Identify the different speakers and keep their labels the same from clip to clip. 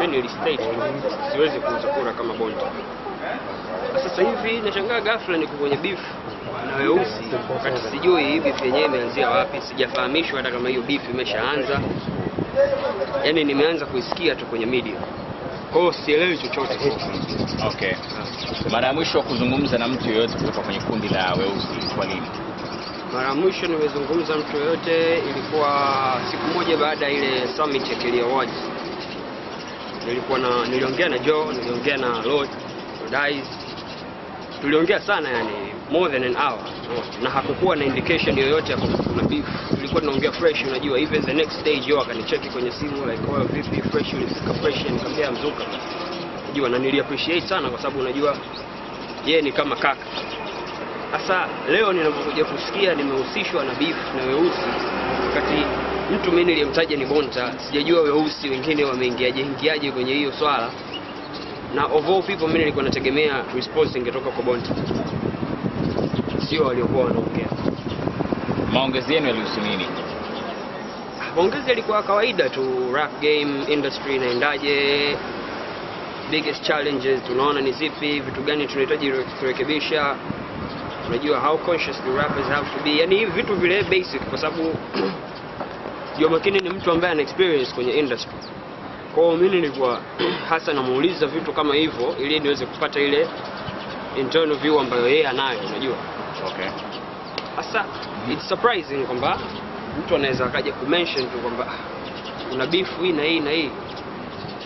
Speaker 1: mimi nilistraight siwezi kuuza kura kama Bondi. Sasa hivi nashangaa ghafla niko kwenye beef na weusi, wakati sijui hii beef yenyewe imeanzia wapi, sijafahamishwa hata kama hiyo beef imeshaanza. Yaani nimeanza kuisikia tu kwenye media. Kwa hiyo sielewi chochote.
Speaker 2: Okay. Mara ya mwisho kuzungumza na mtu yoyote kutoka kwenye kundi la weusi kwa nini?
Speaker 1: Mara ya mwisho nimezungumza mtu yoyote ilikuwa siku moja baada ya ile summit ya Kelly Awards nilikuwa na niliongea na Joe, niliongea na Lord Rodais, tuliongea sana yani more than an hour no. na hakukuwa na indication yoyote ya kwamba kuna beef. Tulikuwa tunaongea fresh, unajua. Even the next day Joe akanicheki kwenye simu like, wewe oh, vipi, fresh ulifika fresh? and Nikamwambia mzuka, unajua, na nili appreciate sana kwa sababu unajua yeye ni kama kaka. Sasa leo ninapokuja kusikia nimehusishwa na beef na weusi wakati mtu mimi niliyemtaja ni Bonta, sijajua weusi wengine wameingiaje ingiaje kwenye hiyo swala, na of all people mimi nilikuwa nategemea response ingetoka kwa Bonta, sio waliokuwa wanaongea.
Speaker 2: Maongezi yenu yalihusu nini?
Speaker 1: Ah, maongezi yalikuwa kawaida tu, rap game industry inaendaje, biggest challenges tunaona ni zipi, vitu gani tunahitaji kurekebisha unajua how conscious the rappers have to be, yani hivi vitu vile basic, kwa sababu Job Makini ni mtu ambaye ana experience kwenye industry. Kwa hiyo mimi nilikuwa hasa namuuliza vitu kama hivyo ili niweze kupata ile internal view ambayo yeye anayo, unajua. Okay. Hasa mm-hmm. it's surprising kwamba mtu anaweza akaja mention tu kwamba ah, una beef hii na hii na hii.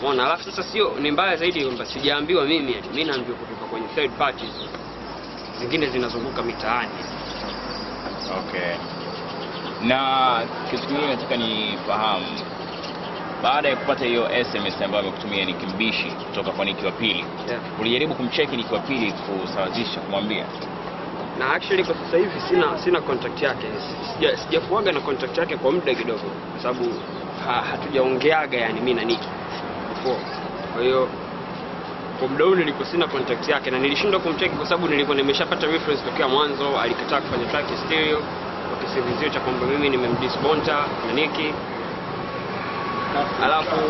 Speaker 1: Unaona, alafu sasa sio ni mbaya zaidi kwamba sijaambiwa mimi, yani mimi naambiwa kutoka kwenye third parties zingine zinazunguka mitaani.
Speaker 2: Okay na kitu kingine nataka nifahamu, baada ya kupata hiyo SMS ambayo amekutumia ni kimbishi kutoka kwa Niki wa Pili, yeah. ulijaribu kumcheki Niki wa Pili kusawazisha, kumwambia?
Speaker 1: Na actually kwa sasa hivi sina sina contact yake, sijafuaga na contact yake kwa muda kidogo, kwa sababu ha, hatujaongeaga yani mimi na Niki Kwa hiyo kwa muda huu niliko sina contact yake na nilishindwa kumcheki kwa sababu nilikuwa nimeshapata reference tokea mwanzo, alikataa kufanya track stereo kisingizio cha kwamba mimi na niki alafu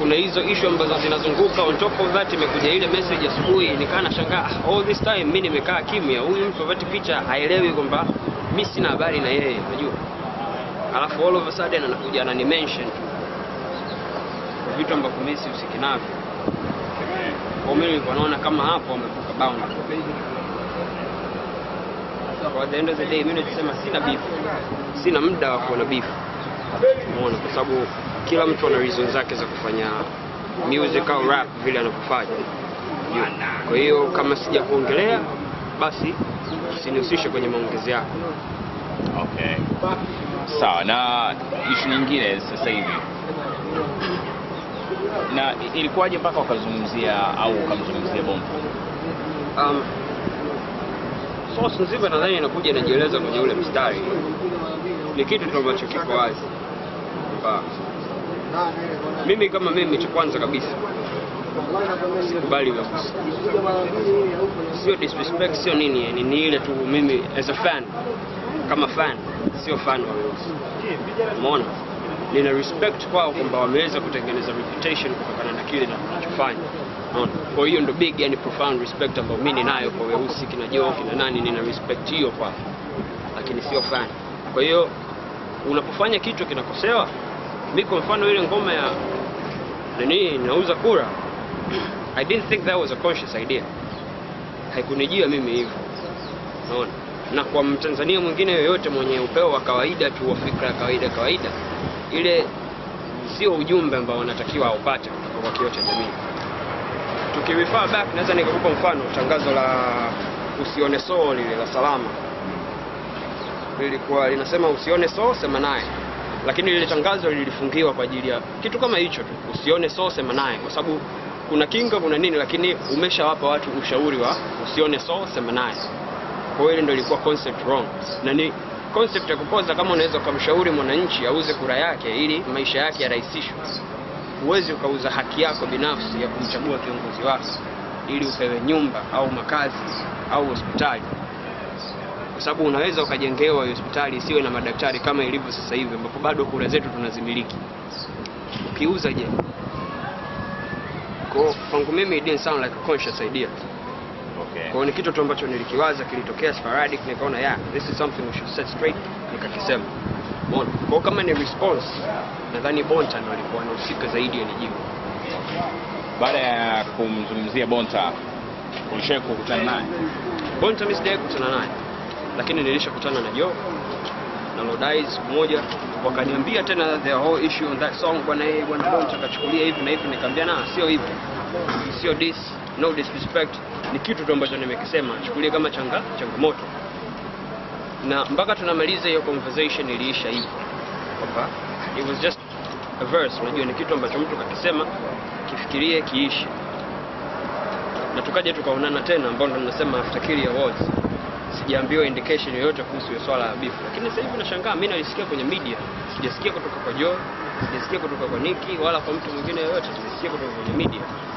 Speaker 1: kuna hizo ishu ambazo zinazunguka. On top of that, imekuja ile message asubuhi, nikaa nashangaa ah, all this time mi nimekaa kimya, huyu mtu avati picha haelewi kwamba mi sina habari na yeye, unajua. Alafu all of a sudden anakuja anani mention vitu ambavyo mimi sihusiki navyo, kwa mimi nilikuwa naona kama hapo amevuka bound kwa the end of the day mimi nachosema sina beef, sina muda wa kuona beef, umeona, kwa sababu kila mtu ana reason zake za kufanya music au rap vile anavyofanya. Kwa hiyo kama sija kuongelea, basi usinihusishe kwenye maongezi yako.
Speaker 2: Okay, sawa. Na ishu nyingine sasa hivi na ilikuwaje mpaka wakazungumzia au ukamzungumzia Bongo?
Speaker 1: Um, source nzima nadhani inakuja inajieleza kwenye ule mstari, ni kitu ambacho kiko wazi. Mimi kama mimi, cha kwanza kabisa sikubali sio disrespect, sio nini, ni ile tu mimi as a fan, kama fan, sio fan wa mona nina respect kwao kwamba wameweza kutengeneza reputation kutokana na kile na kwa hiyo ndo big yani profound respect ambayo mimi ninayo kwa weusi kina Joe kina nani, nina respect hiyo kwa, lakini sio fan. Kwa hiyo unapofanya kitu kinakosewa, mimi kwa mfano ile ngoma ya nani nauza kura, I didn't think that was a conscious idea, haikunijia mimi hivyo, unaona na kwa Mtanzania mwingine yoyote mwenye upeo wa kawaida tu wa fikra kawaida kawaida, ile sio ujumbe ambao unatakiwa aupate kutoka kwa kioo cha jamii tukirefer back naweza nikakupa mfano tangazo la usione soo lile la Salama lilikuwa linasema usione soo sema naye, lakini lile tangazo lilifungiwa kwa ajili ya kitu kama hicho tu, usione soo sema naye, kwa sababu kuna kinga kuna nini, lakini umeshawapa watu ushauri wa usione soo sema naye. Kwa hiyo ile ndio ilikuwa concept wrong, na ni concept ya kupoza. Kama unaweza ukamshauri mwananchi auze kura yake ili maisha yake yarahisishwe huwezi ukauza haki yako binafsi ya kumchagua kiongozi wako ili upewe nyumba au makazi au hospitali, kwa sababu unaweza ukajengewa hospitali isiwe na madaktari kama ilivyo sasa hivi, ambapo bado kura zetu tunazimiliki. Ukiuza je? Kwa kwangu mimi it didn't sound like a conscious idea. Okay. Kwa ni kitu tu ambacho nilikiwaza, kilitokea sporadic, nikaona yeah, this is something we should set straight, nikakisema. Bon. Kwa kama ni response, nadhani Bonta ndio alikuwa anahusika zaidi ile jibu.
Speaker 2: Baada ya kumzungumzia Bonta, ulishawahi kukutana
Speaker 1: naye? Bonta mimi sijawahi kukutana naye. Lakini nilishakutana na Joe na Lodice mmoja wakaniambia tena the whole issue on that song bwana yeye eh, bwana Bonta akachukulia hivi na hivi nikamwambia na sio hivi. Sio this, no disrespect. Ni kitu tu ambacho nimekisema, chukulia kama changa changamoto na mpaka tunamaliza hiyo conversation iliisha hivyo kwamba it was just a verse. Unajua, ni kitu ambacho mtu kakisema, kifikirie, kiishi. Na tukaja tukaonana tena, ambao ndo tunasema Afterkill Awards. Sijaambiwa indication yoyote kuhusu hiyo swala ya bifu, lakini sasa hivi nashangaa, mimi nalisikia kwenye media, sijasikia kutoka kwa Joe, sijasikia kutoka kwa Nikki wala kwa mtu mwingine yoyote, sijasikia kutoka kwenye media.